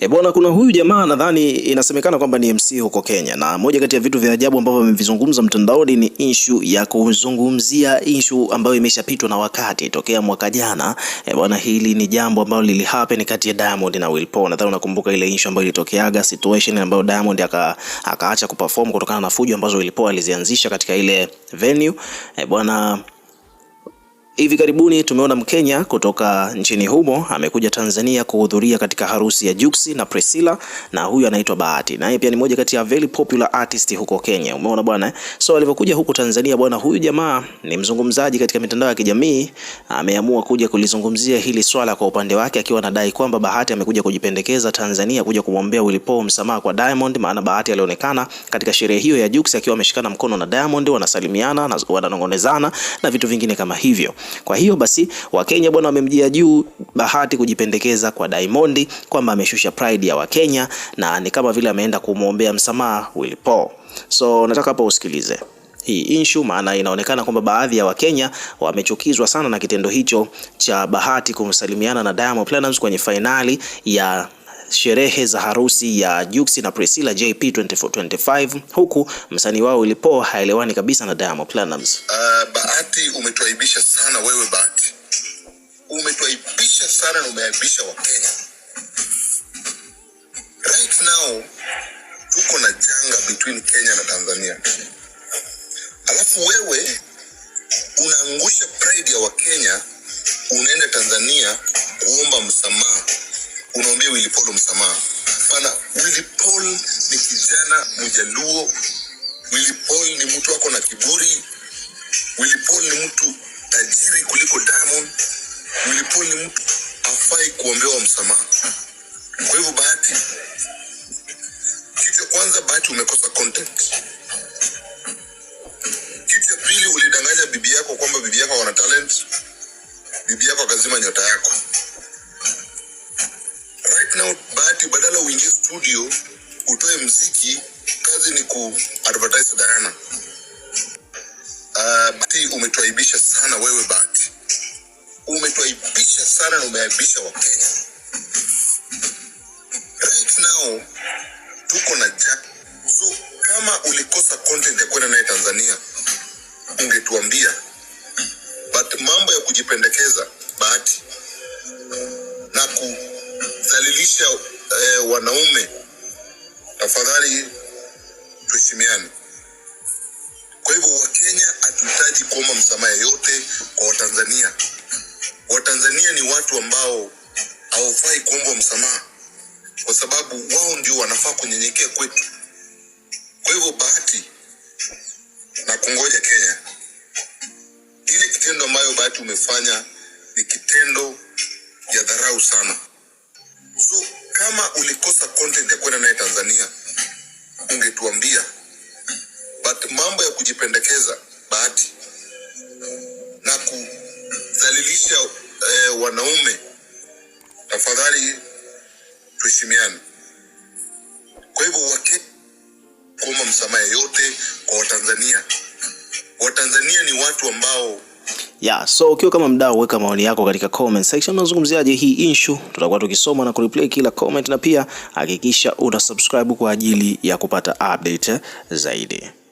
E bwana, kuna huyu jamaa nadhani inasemekana kwamba ni MC huko Kenya, na moja kati ya vitu vya ajabu ambavyo amevizungumza mtandaoni ni issue ya kuzungumzia issue ambayo imeshapitwa na wakati tokea mwaka jana. E bwana, hili ni jambo ambalo lili happen kati ya Diamond na Will Paul. Nadhani unakumbuka ile issue ambayo ilitokeaga, situation ambayo Diamond aka akaacha kuperform kutokana na fujo ambazo Will Paul alizianzisha katika ile venue. E bwana Hivi karibuni tumeona Mkenya kutoka nchini humo amekuja Tanzania kuhudhuria katika harusi ya Juksi na Priscilla, na huyu anaitwa Bahati, naye pia ni moja kati ya very popular artist huko Kenya. Umeona bwana So alivyokuja huku Tanzania bwana, huyu jamaa ni mzungumzaji katika mitandao ya kijamii, ameamua kuja kulizungumzia hili swala kwa upande wake, akiwa anadai kwamba Bahati amekuja kujipendekeza Tanzania kuja kumwombea Willy Paul msamaha kwa Diamond, maana Bahati alionekana katika sherehe hiyo ya Juksi akiwa ameshikana mkono na Diamond, wanasalimiana, na wananongonezana na vitu vingine kama hivyo. Kwa hiyo basi Wakenya bwana wamemjia juu Bahati kujipendekeza kwa Diamond kwamba ameshusha pride ya Wakenya na ni kama vile ameenda kumwombea msamaha Will Paul. So nataka hapa usikilize hii inshu maana inaonekana kwamba baadhi ya Wakenya wamechukizwa sana na kitendo hicho cha Bahati kumsalimiana na Diamond Platnumz kwenye fainali ya sherehe za harusi ya Jux na Priscilla JP 2425 huku msanii wao ilipoa haelewani kabisa na Diamond Platnumz. Uh, Bahati umetuaibisha sana wewe Bahati. Umetuaibisha sana na umeaibisha Kenya. Right now tuko na janga between Kenya na Tanzania. Alafu wewe unaangusha pride ya Wakenya unaenda Tanzania kuomba msamaha unaombea Willy Paul msamaha. Pana Willy Paul ni kijana Mjaluo. Willy Paul ni mtu wako na kiburi. Willy Paul ni mtu tajiri kuliko Diamond. Willy Paul ni mtu afai kuombewa msamaha. Kwa hivyo Bahati, kitu kwanza Bahati umekosa content. Kitu ya pili ulidanganya bibi yako kwamba bibi yako wana talent. Bibi yako akazima nyota yako na bahati badala uingie studio utoe mziki, kazi ni ku advertise Diana. Uh, bahati umetuaibisha sana wewe, Bahati umetuaibisha sana na umeaibisha Wakenya. Right now tuko na Jack, so kama ulikosa content ya kwenda naye Tanzania ungetuambia, but mambo ya kujipendekeza Bahati na ku anadhalilisha eh, wanaume, tafadhali tuheshimiane. Kwa hivyo Wakenya hatuhitaji kuomba msamaha yeyote kwa Watanzania. Watanzania ni watu ambao hawafai kuomba msamaha, kwa sababu wao ndio wanafaa kunyenyekea kwetu. Kwa hivyo Bahati na kungoja Kenya, ile kitendo ambayo Bahati umefanya ni kitendo ya dharau sana. So kama ulikosa content ya kwenda naye Tanzania ungetuambia, but mambo ya kujipendekeza bahati na kudhalilisha eh, wanaume, tafadhali tuheshimiane. Kwa hivyo wake kuomba msamaha yote kwa Watanzania. Watanzania ni watu ambao Yeah, so ukiwa kama mdau, weka maoni yako katika comment section. Unazungumziaje hii issue? Tutakuwa tukisoma na kureplay kila comment, na pia hakikisha una subscribe kwa ajili ya kupata update zaidi.